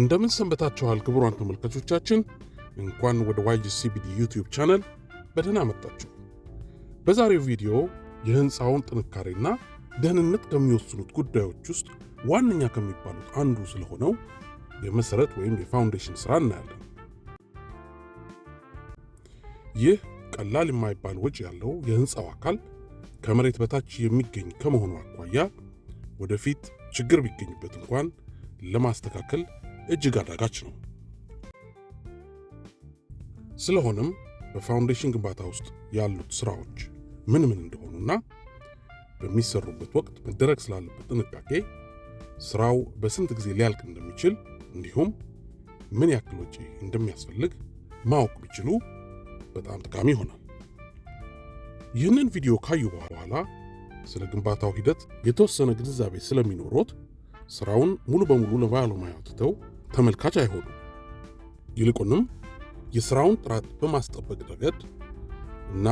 እንደምን ሰንበታችኋል ክቡራን ተመልካቾቻችን፣ እንኳን ወደ ዋይጂ ሲቢዲ ዩቲዩብ ቻናል በደህና መጣችሁ። በዛሬው ቪዲዮ የህንፃውን ጥንካሬና ደህንነት ከሚወስኑት ጉዳዮች ውስጥ ዋነኛ ከሚባሉት አንዱ ስለሆነው የመሰረት ወይም የፋውንዴሽን ስራ እናያለን። ይህ ቀላል የማይባል ወጪ ያለው የህንፃው አካል ከመሬት በታች የሚገኝ ከመሆኑ አኳያ ወደፊት ችግር ቢገኝበት እንኳን ለማስተካከል እጅግ አዳጋች ነው። ስለሆነም በፋውንዴሽን ግንባታ ውስጥ ያሉት ስራዎች ምን ምን እንደሆኑና በሚሰሩበት ወቅት መደረግ ስላለበት ጥንቃቄ፣ ስራው በስንት ጊዜ ሊያልቅ እንደሚችል እንዲሁም ምን ያክል ወጪ እንደሚያስፈልግ ማወቅ ቢችሉ በጣም ጠቃሚ ይሆናል። ይህንን ቪዲዮ ካዩ በኋላ ስለ ግንባታው ሂደት የተወሰነ ግንዛቤ ስለሚኖሮት ስራውን ሙሉ በሙሉ ለባለሙያ ትተው ተመልካች አይሆኑም። ይልቁንም የሥራውን ጥራት በማስጠበቅ ረገድ እና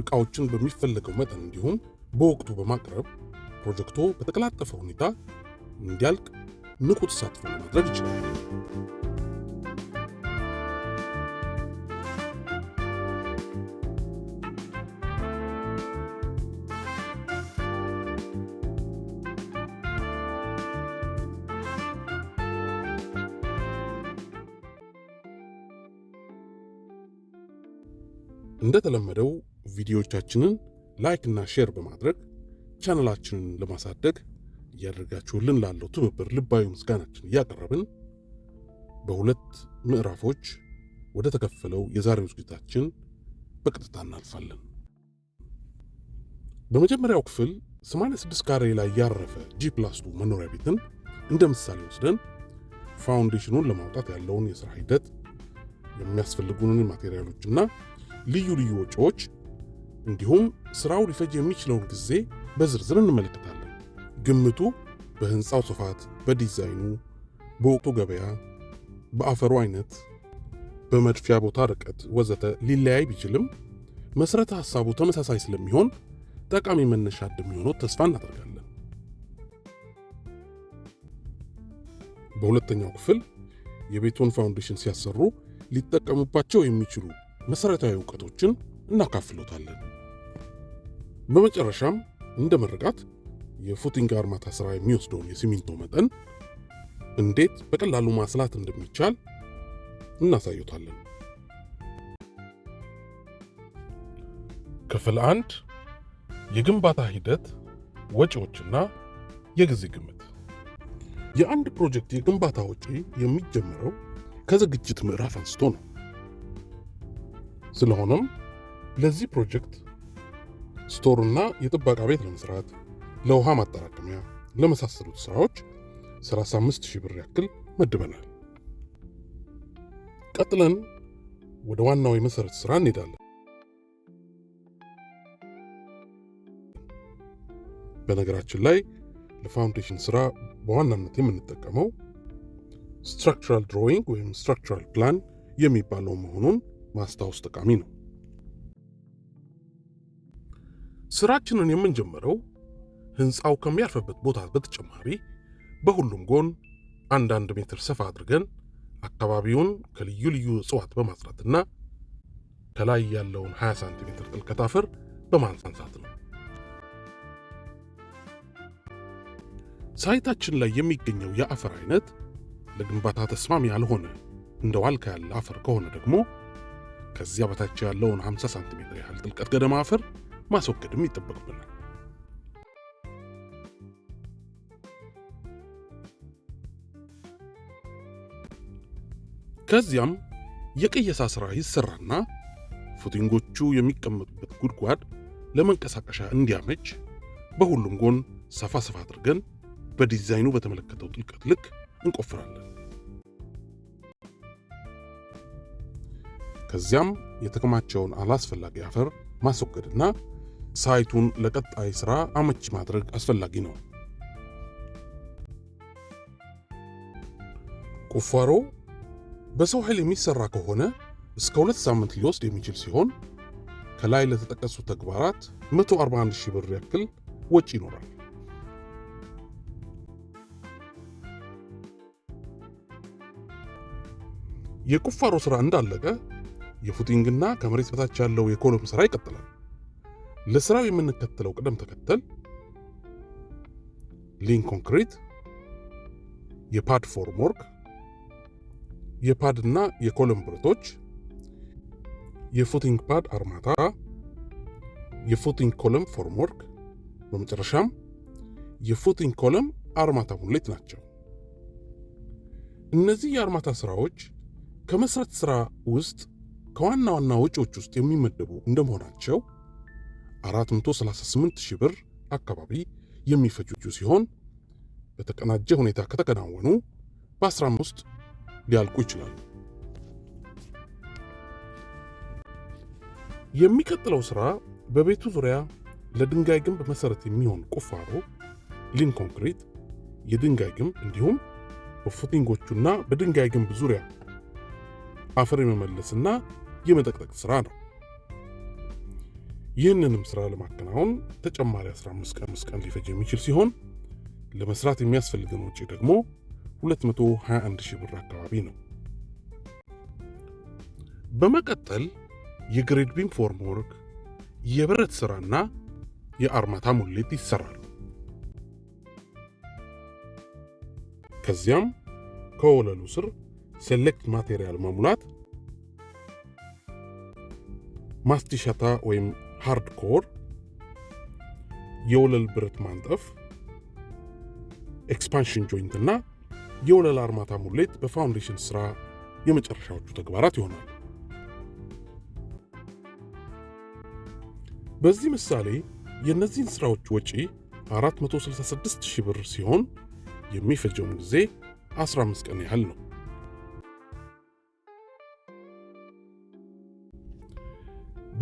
ዕቃዎችን በሚፈለገው መጠን እንዲሁም በወቅቱ በማቅረብ ፕሮጀክቱ በተቀላጠፈ ሁኔታ እንዲያልቅ ንቁ ተሳትፎ ለማድረግ ይችላል። እንደተለመደው ቪዲዮዎቻችንን ላይክ እና ሼር በማድረግ ቻናላችንን ለማሳደግ እያደረጋችሁልን ላለው ትብብር ልባዊ ምስጋናችን እያቀረብን በሁለት ምዕራፎች ወደ ተከፈለው የዛሬው ዝግጅታችን በቀጥታ እናልፋለን። በመጀመሪያው ክፍል 86 ካሬ ላይ ያረፈ ጂ ፕላስ መኖሪያ ቤትን እንደ ምሳሌ ወስደን ፋውንዴሽኑን ለማውጣት ያለውን የሥራ ሂደት የሚያስፈልጉንን ማቴሪያሎችና ልዩ ልዩ ወጪዎች እንዲሁም ስራው ሊፈጅ የሚችለውን ጊዜ በዝርዝር እንመለከታለን። ግምቱ በህንፃው ስፋት፣ በዲዛይኑ፣ በወቅቱ ገበያ፣ በአፈሩ አይነት፣ በመድፊያ ቦታ ርቀት ወዘተ ሊለያይ ቢችልም መሰረተ ሐሳቡ ተመሳሳይ ስለሚሆን ጠቃሚ መነሻ እንደሚሆነው ተስፋ እናደርጋለን። በሁለተኛው ክፍል የቤቱን ፋውንዴሽን ሲያሰሩ ሊጠቀሙባቸው የሚችሉ መሠረታዊ እውቀቶችን እናካፍሎታለን። በመጨረሻም እንደ ምርቃት የፉቲንግ አርማታ ሥራ የሚወስደውን የሲሚንቶ መጠን እንዴት በቀላሉ ማስላት እንደሚቻል እናሳዩታለን። ክፍል አንድ የግንባታ ሂደት ወጪዎችና የጊዜ ግምት። የአንድ ፕሮጀክት የግንባታ ወጪ የሚጀምረው ከዝግጅት ምዕራፍ አንስቶ ነው። ስለሆነም ለዚህ ፕሮጀክት ስቶርና የጥበቃ ቤት ለመስራት ለውሃ ማጠራቀሚያ ለመሳሰሉት ስራዎች 35 ሺህ ብር ያክል መድበናል። ቀጥለን ወደ ዋናው የመሰረት ስራ እንሄዳለን። በነገራችን ላይ ለፋውንዴሽን ስራ በዋናነት የምንጠቀመው ስትራክቸራል ድሮዊንግ ወይም ስትራክቸራል ፕላን የሚባለው መሆኑን ማስታወስ ጠቃሚ ነው። ስራችንን የምንጀምረው ህንፃው ከሚያርፍበት ቦታ በተጨማሪ በሁሉም ጎን አንዳንድ ሜትር ሰፋ አድርገን አካባቢውን ከልዩ ልዩ እጽዋት በማጽዳትና ከላይ ያለውን 20 ሳንቲሜትር ጥልቀት አፈር በማንሳንሳት ነው። ሳይታችን ላይ የሚገኘው የአፈር አይነት ለግንባታ ተስማሚ ያልሆነ እንደ ዋልካ ያለ አፈር ከሆነ ደግሞ ከዚያ በታች ያለውን 50 ሳንቲሜትር ያህል ጥልቀት ገደማ አፈር ማስወገድም ይጠበቅብናል። ከዚያም የቅየሳ ስራ ይሰራና ፉቲንጎቹ የሚቀመጡበት ጉድጓድ ለመንቀሳቀሻ እንዲያመች በሁሉም ጎን ሰፋ ሰፋ አድርገን በዲዛይኑ በተመለከተው ጥልቀት ልክ እንቆፍራለን። ከዚያም የተከማቸውን አላስፈላጊ አፈር ማስወገድና ሳይቱን ለቀጣይ ሥራ አመቺ ማድረግ አስፈላጊ ነው። ቁፋሮ በሰው ኃይል የሚሠራ ከሆነ እስከ ሁለት ሳምንት ሊወስድ የሚችል ሲሆን ከላይ ለተጠቀሱ ተግባራት 141 ሺህ ብር ያክል ወጪ ይኖራል። የቁፋሮ ሥራ እንዳለቀ የፉቲንግና ከመሬት በታች ያለው የኮሎም ስራ ይቀጥላል። ለስራው የምንከተለው ቅደም ተከተል ሊን ኮንክሪት፣ የፓድ ፎርምወርክ፣ የፓድና የኮለም ብረቶች፣ የፉቲንግ ፓድ አርማታ፣ የፉቲንግ ኮለም ፎርምወርክ፣ በመጨረሻም የፉቲንግ ኮለም አርማታ ሙሌት ናቸው። እነዚህ የአርማታ ስራዎች ከመስረት ስራ ውስጥ ከዋና ዋና ወጪዎች ውስጥ የሚመደቡ እንደመሆናቸው 438 ሺህ ብር አካባቢ የሚፈጁ ሲሆን በተቀናጀ ሁኔታ ከተከናወኑ በ15 ሊያልቁ ይችላሉ። የሚቀጥለው ስራ በቤቱ ዙሪያ ለድንጋይ ግንብ መሰረት የሚሆን ቁፋሮ፣ ሊን ኮንክሪት፣ የድንጋይ ግንብ እንዲሁም በፉቲንጎቹና በድንጋይ ግንብ ዙሪያ አፈር የመመለስና የመጠቅጠቅ ስራ ነው። ይህንንም ስራ ለማከናወን ተጨማሪ 15 ቀን ቀን ሊፈጅ የሚችል ሲሆን ለመስራት የሚያስፈልገን ውጪ ደግሞ 221 ሺህ ብር አካባቢ ነው። በመቀጠል የግሬድ ቢም ፎርምወርክ የብረት ስራና የአርማታ ሙሌት ይሰራሉ። ከዚያም ከወለሉ ስር ሴሌክት ማቴሪያል መሙላት ማስቲሸታ ወይም ሃርድኮር፣ የወለል ብረት ማንጠፍ፣ ኤክስፓንሽን ጆይንት እና የወለል አርማታ ሙሌት በፋውንዴሽን ስራ የመጨረሻዎቹ ተግባራት ይሆናል። በዚህ ምሳሌ የእነዚህን ስራዎች ወጪ 466 ሺህ ብር ሲሆን የሚፈጀውን ጊዜ 15 ቀን ያህል ነው።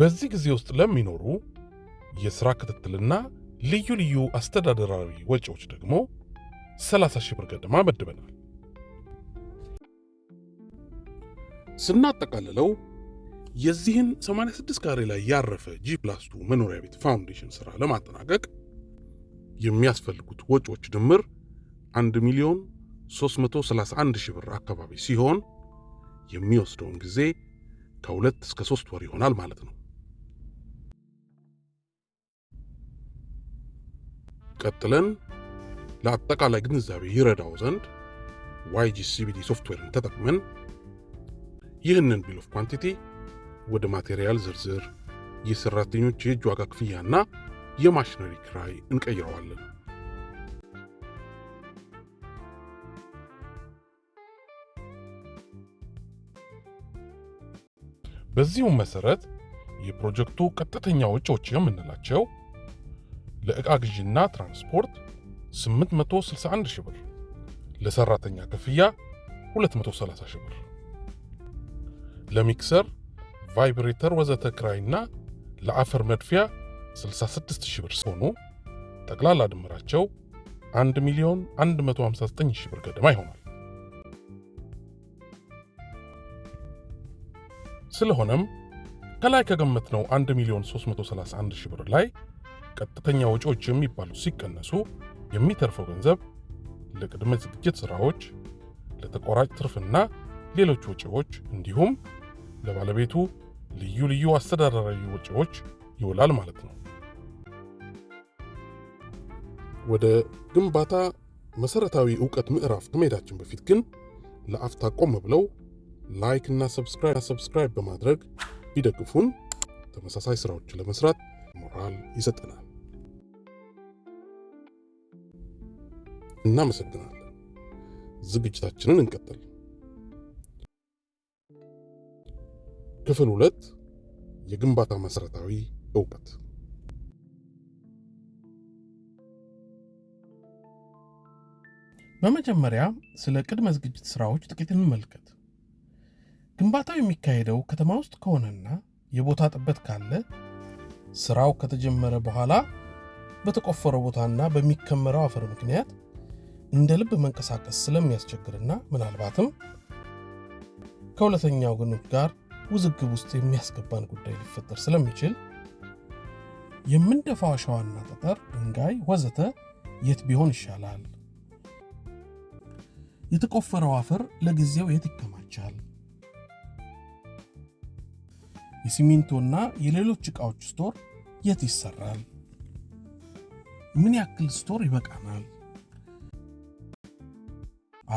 በዚህ ጊዜ ውስጥ ለሚኖሩ የሥራ ክትትልና ልዩ ልዩ አስተዳደራዊ ወጪዎች ደግሞ 30 ሺህ ብር ገደማ መድበናል። ስናጠቃልለው የዚህን 86 ካሬ ላይ ያረፈ ጂ 2 መኖሪያ ቤት ፋውንዴሽን ሥራ ለማጠናቀቅ የሚያስፈልጉት ወጪዎች ድምር 1 ሚሊዮን 331 ሺህ ብር አካባቢ ሲሆን የሚወስደውን ጊዜ ከሁለት እስከ ሶስት ወር ይሆናል ማለት ነው። ቀጥለን ለአጠቃላይ ግንዛቤ ይረዳው ዘንድ ዋይጂ ሶፍትዌርን ተጠቅመን ይህንን ቢል ኦፍ ኳንቲቲ ወደ ማቴሪያል ዝርዝር፣ የሰራተኞች የእጅ ዋጋ ክፍያና የማሽነሪ ክራይ እንቀይረዋለን። በዚሁም መሰረት የፕሮጀክቱ ቀጥተኛ ወጪዎች የምንላቸው ለዕቃ ግዢና ትራንስፖርት 861 ሺህ ብር፣ ለሰራተኛ ክፍያ 230 ሺህ ብር፣ ለሚክሰር ቫይብሬተር ወዘተ ክራይና ለአፈር መድፊያ 66 ሺህ ብር ሲሆኑ ጠቅላላ ድምራቸው 1 ሚሊዮን 159 ሺህ ብር ገደማ ይሆናል። ስለሆነም ከላይ ከገመትነው 1 ሚሊዮን 331 ሺህ ብር ላይ ቀጥተኛ ወጪዎች የሚባሉ ሲቀነሱ የሚተርፈው ገንዘብ ለቅድመ ዝግጅት ስራዎች፣ ለተቆራጭ ትርፍና ሌሎች ወጪዎች እንዲሁም ለባለቤቱ ልዩ ልዩ አስተዳደራዊ ወጪዎች ይውላል ማለት ነው። ወደ ግንባታ መሰረታዊ እውቀት ምዕራፍ ከመሄዳችን በፊት ግን ለአፍታ ቆም ብለው ላይክ እና ሰብስክራይብ በማድረግ ቢደግፉን ተመሳሳይ ስራዎችን ለመስራት ሞራል ይሰጠናል። እናመሰግናለን። ዝግጅታችንን እንቀጥል። ክፍል ሁለት የግንባታ መሰረታዊ እውቀት። በመጀመሪያ ስለ ቅድመ ዝግጅት ስራዎች ጥቂት እንመልከት። ግንባታው የሚካሄደው ከተማ ውስጥ ከሆነና የቦታ ጥበት ካለ ስራው ከተጀመረ በኋላ በተቆፈረው ቦታና በሚከመረው አፈር ምክንያት እንደ ልብ መንቀሳቀስ ስለሚያስቸግርና ምናልባትም ከሁለተኛ ወገኖች ጋር ውዝግብ ውስጥ የሚያስገባን ጉዳይ ሊፈጠር ስለሚችል የምንደፋው አሸዋና ጠጠር፣ ድንጋይ ወዘተ የት ቢሆን ይሻላል? የተቆፈረው አፈር ለጊዜው የት ይከማቻል? የሲሚንቶና የሌሎች ዕቃዎች ስቶር የት ይሰራል? ምን ያክል ስቶር ይበቃናል?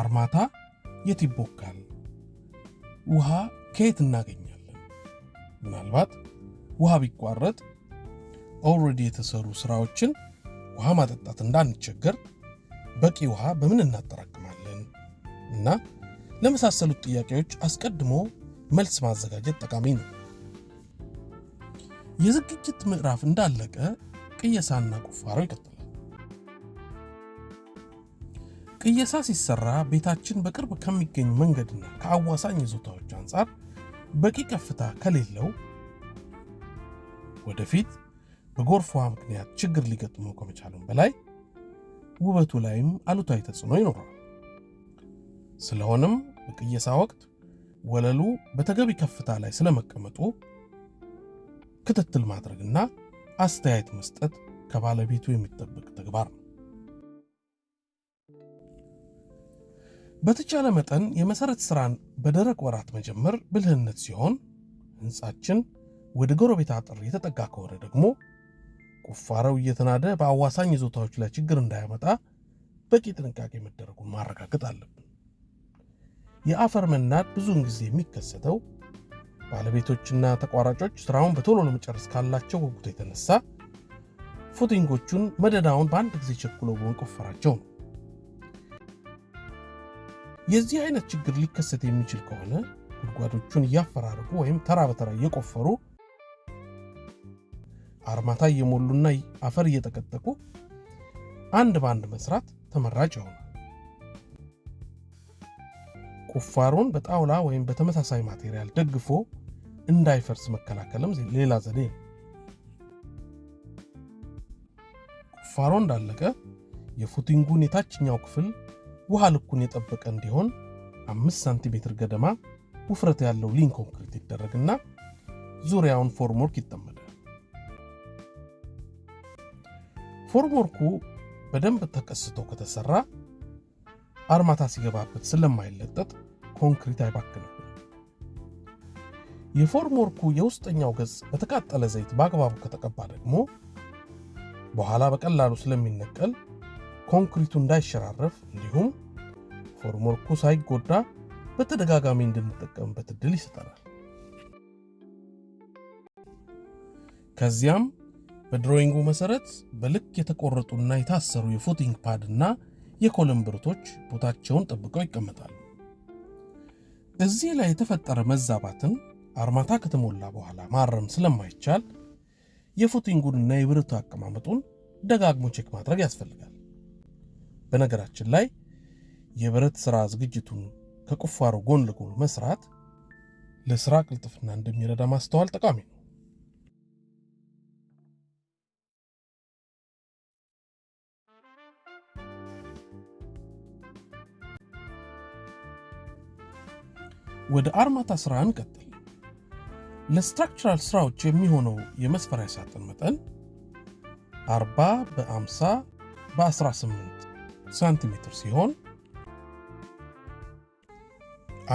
አርማታ የት ይቦካል? ውሃ ከየት እናገኛለን? ምናልባት ውሃ ቢቋረጥ ኦልሬዲ የተሰሩ ስራዎችን ውሃ ማጠጣት እንዳንቸገር በቂ ውሃ በምን እናጠራቅማለን? እና ለመሳሰሉት ጥያቄዎች አስቀድሞ መልስ ማዘጋጀት ጠቃሚ ነው። የዝግጅት ምዕራፍ እንዳለቀ ቅየሳና ቁፋሮ ይቀጥላል። ቅየሳ ሲሰራ ቤታችን በቅርብ ከሚገኝ መንገድና ከአዋሳኝ ይዞታዎች አንጻር በቂ ከፍታ ከሌለው ወደፊት በጎርፏ ምክንያት ችግር ሊገጥመው ከመቻሉም በላይ ውበቱ ላይም አሉታዊ ተጽዕኖ ይኖረዋል። ስለሆነም በቅየሳ ወቅት ወለሉ በተገቢ ከፍታ ላይ ስለመቀመጡ ክትትል ማድረግና አስተያየት መስጠት ከባለቤቱ የሚጠበቅ ተግባር ነው። በተቻለ መጠን የመሰረት ስራን በደረቅ ወራት መጀመር ብልህነት ሲሆን ህንፃችን ወደ ጎረቤት አጥር የተጠጋ ከሆነ ደግሞ ቁፋረው እየተናደ በአዋሳኝ ይዞታዎች ላይ ችግር እንዳያመጣ በቂ ጥንቃቄ መደረጉን ማረጋገጥ አለብን። የአፈር መናድ ብዙውን ጊዜ የሚከሰተው ባለቤቶችና ተቋራጮች ስራውን በቶሎ ለመጨረስ ካላቸው ጉጉት የተነሳ ፉቲንጎቹን መደዳውን በአንድ ጊዜ ቸኩለው በመቆፈራቸው ነው። የዚህ አይነት ችግር ሊከሰት የሚችል ከሆነ ጉድጓዶቹን እያፈራረቁ ወይም ተራ በተራ እየቆፈሩ አርማታ እየሞሉና አፈር እየጠቀጠቁ አንድ በአንድ መስራት ተመራጭ ይሆናል። ቁፋሮን በጣውላ ወይም በተመሳሳይ ማቴሪያል ደግፎ እንዳይፈርስ መከላከልም ሌላ ዘዴ ነው። ቁፋሮ እንዳለቀ የፉቲንጉን የታችኛው ክፍል ውሃ ልኩን የጠበቀ እንዲሆን አምስት ሳንቲሜትር ገደማ ውፍረት ያለው ሊን ኮንክሪት ይደረግና ዙሪያውን ፎርምወርክ ይጠመዳል። ፎርምወርኩ በደንብ ተቀስቶ ከተሰራ አርማታ ሲገባበት ስለማይለጠጥ ኮንክሪት አይባክንም። የፎርምወርኩ የውስጠኛው ገጽ በተቃጠለ ዘይት በአግባቡ ከተቀባ ደግሞ በኋላ በቀላሉ ስለሚነቀል ኮንክሪቱ እንዳይሸራረፍ እንዲሁም ፎርምወርኩ ሳይጎዳ በተደጋጋሚ እንድንጠቀምበት እድል ይሰጠናል። ከዚያም በድሮይንጉ መሰረት በልክ የተቆረጡና የታሰሩ የፉቲንግ ፓድ እና የኮለም ብርቶች ቦታቸውን ጠብቀው ይቀመጣሉ። እዚህ ላይ የተፈጠረ መዛባትን አርማታ ከተሞላ በኋላ ማረም ስለማይቻል የፉቲንጉንና የብረቱ አቀማመጡን ደጋግሞ ቼክ ማድረግ ያስፈልጋል። በነገራችን ላይ የብረት ስራ ዝግጅቱን ከቁፋሮ ጎን ለጎን መስራት ለስራ ቅልጥፍና እንደሚረዳ ማስተዋል ጠቃሚ ነው። ወደ አርማታ ስራ እንቀጥል። ለስትራክቸራል ስራዎች የሚሆነው የመስፈሪያ ሳጥን መጠን 40 በ50 በ18 ሳንቲሜትር ሲሆን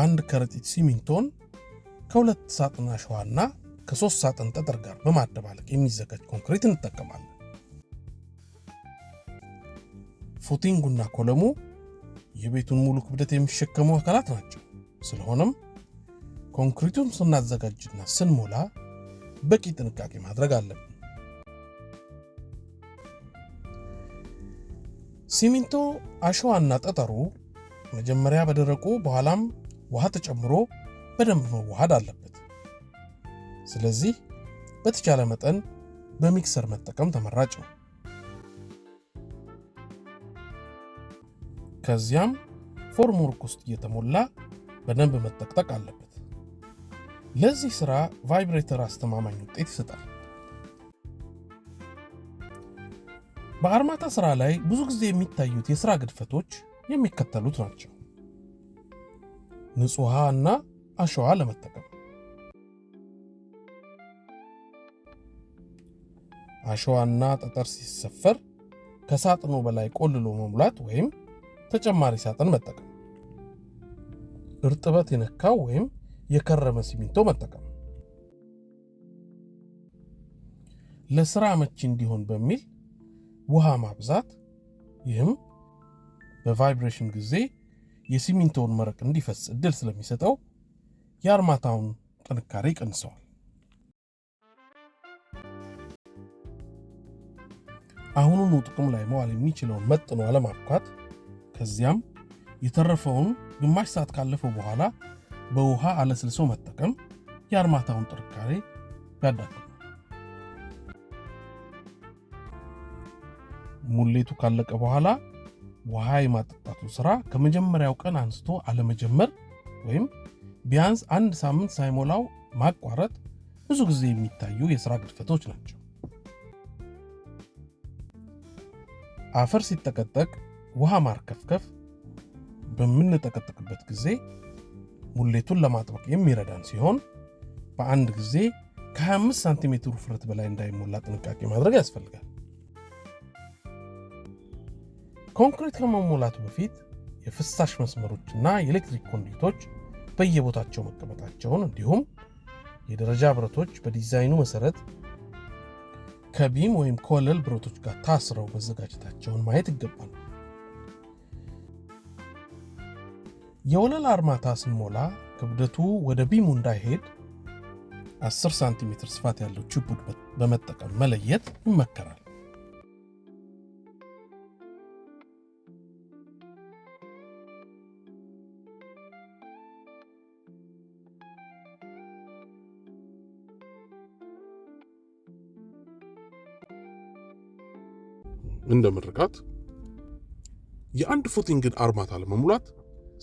አንድ ከረጢት ሲሚንቶን ከሁለት ሳጥን አሸዋና ከሶስት ሳጥን ጠጠር ጋር በማደባለቅ የሚዘጋጅ ኮንክሪት እንጠቀማለን። ፉቲንጉና ኮለሙ የቤቱን ሙሉ ክብደት የሚሸከሙ አካላት ናቸው። ስለሆነም ኮንክሪቱን ስናዘጋጅና ስንሞላ በቂ ጥንቃቄ ማድረግ አለብን። ሲሚንቶ አሸዋና ጠጠሩ መጀመሪያ በደረቁ በኋላም ውሃ ተጨምሮ በደንብ መዋሃድ አለበት። ስለዚህ በተቻለ መጠን በሚክሰር መጠቀም ተመራጭ ነው። ከዚያም ፎርም ውስጥ እየተሞላ በደንብ መጠቅጠቅ አለበት። ለዚህ ሥራ ቫይብሬተር አስተማማኝ ውጤት ይሰጣል። በአርማታ ስራ ላይ ብዙ ጊዜ የሚታዩት የስራ ግድፈቶች የሚከተሉት ናቸው። ንጹህ ውሃ እና አሸዋ ለመጠቀም አሸዋና ጠጠር ሲሰፈር ከሳጥኑ በላይ ቆልሎ መሙላት ወይም ተጨማሪ ሳጥን መጠቀም፣ እርጥበት የነካው ወይም የከረመ ሲሚንቶ መጠቀም። ለስራ መቺ እንዲሆን በሚል ውሃ ማብዛት፣ ይህም በቫይብሬሽን ጊዜ የሲሚንቶውን መረቅ እንዲፈስ እድል ስለሚሰጠው የአርማታውን ጥንካሬ ይቀንሰዋል። አሁኑኑ ጥቅም ላይ መዋል የሚችለውን መጥኖ አለማብኳት፣ ከዚያም የተረፈውን ግማሽ ሰዓት ካለፈው በኋላ በውሃ አለስልሶ መጠቀም የአርማታውን ጥንካሬ ያዳክማል። ሙሌቱ ካለቀ በኋላ ውሃ የማጠጣቱ ስራ ከመጀመሪያው ቀን አንስቶ አለመጀመር ወይም ቢያንስ አንድ ሳምንት ሳይሞላው ማቋረጥ ብዙ ጊዜ የሚታዩ የስራ ግድፈቶች ናቸው። አፈር ሲጠቀጠቅ ውሃ ማርከፍከፍ በምንጠቀጠቅበት ጊዜ ሙሌቱን ለማጥበቅ የሚረዳን ሲሆን በአንድ ጊዜ ከ25 ሳንቲሜትር ውፍረት በላይ እንዳይሞላ ጥንቃቄ ማድረግ ያስፈልጋል። ኮንክሪት ከመሞላቱ በፊት የፍሳሽ መስመሮችና የኤሌክትሪክ ኮንዲቶች በየቦታቸው መቀመጣቸውን እንዲሁም የደረጃ ብረቶች በዲዛይኑ መሰረት ከቢም ወይም ከወለል ብረቶች ጋር ታስረው መዘጋጀታቸውን ማየት ይገባል። የወለል አርማታ ስንሞላ ክብደቱ ወደ ቢሙ እንዳይሄድ 10 ሳንቲሜትር ስፋት ያለው ችፑድ በመጠቀም መለየት ይመከራል። እንደ ምርቃት የአንድ ፉቲንግን አርማታ ለመሙላት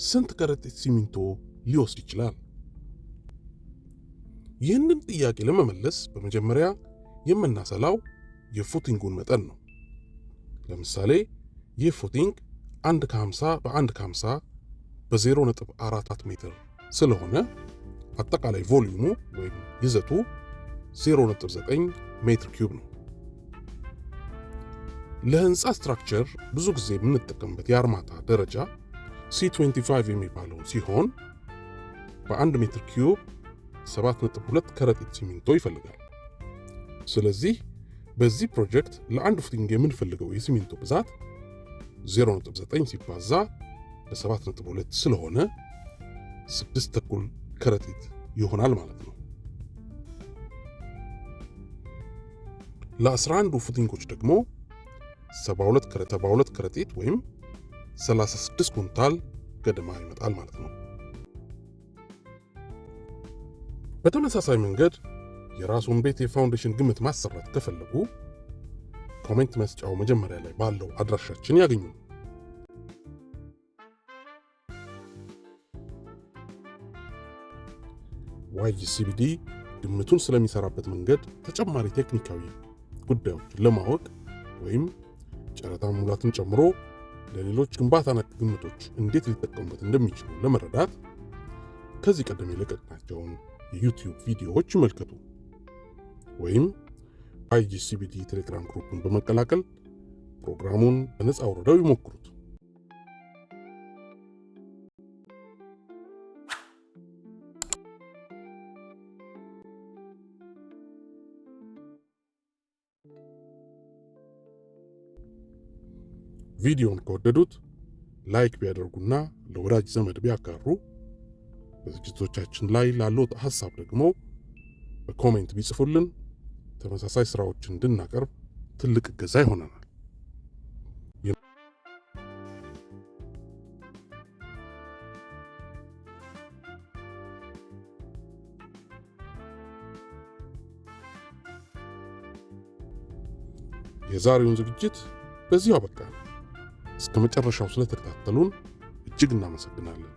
ስንት ከረጢት ሲሚንቶ ሊወስድ ይችላል? ይህንን ጥያቄ ለመመለስ በመጀመሪያ የምናሰላው የፉቲንጉን መጠን ነው። ለምሳሌ ይህ ፉቲንግ 1 ከ50 በ1 ከ50 በ0.44 ሜትር ስለሆነ አጠቃላይ ቮሊዩሙ ወይም ይዘቱ 0.9 ሜትር ኪዩብ ነው። ለህንፃ ስትራክቸር ብዙ ጊዜ የምንጠቀምበት የአርማታ ደረጃ c 25 የሚባለው ሲሆን በአንድ ሜትር ኪዩብ 7.2 ከረጢት ሲሚንቶ ይፈልጋል። ስለዚህ በዚህ ፕሮጀክት ለአንድ ፉቲንግ የምንፈልገው የሲሚንቶ ብዛት 0.9 ሲባዛ በ7.2 ስለሆነ 6 ተኩል ከረጢት ይሆናል ማለት ነው። 11 ፉቲንጎች ደግሞ 72 ከረ72 ከረጢት ወይም 36 ኩንታል ገደማ ይመጣል ማለት ነው። በተመሳሳይ መንገድ የራሱን ቤት የፋውንዴሽን ግምት ማሰራት ከፈለጉ ኮሜንት መስጫው መጀመሪያ ላይ ባለው አድራሻችን ያገኙ። ዋይ ሲቢዲ ግምቱን ስለሚሰራበት መንገድ ተጨማሪ ቴክኒካዊ ጉዳዮችን ለማወቅ ወይም ጨረታ ሙላትን ጨምሮ ለሌሎች ግንባታ ነክ ግምቶች እንዴት ሊጠቀሙበት እንደሚችሉ ለመረዳት ከዚህ ቀደም የለቀቅናቸውን የዩቲዩብ ቪዲዮዎች ይመልከቱ ወይም አይጂሲቢቲ ቴሌግራም ግሩፕን በመቀላቀል ፕሮግራሙን በነፃ ወረዳው ይሞክሩት። ቪዲዮን ከወደዱት ላይክ ቢያደርጉና ለወዳጅ ዘመድ ቢያጋሩ፣ በዝግጅቶቻችን ላይ ላሉት ሀሳብ ደግሞ በኮሜንት ቢጽፉልን ተመሳሳይ ስራዎችን እንድናቀርብ ትልቅ እገዛ ይሆነናል። የዛሬውን ዝግጅት በዚሁ አበቃ። እስከ መጨረሻው ስለተከታተሉን እጅግ እናመሰግናለን።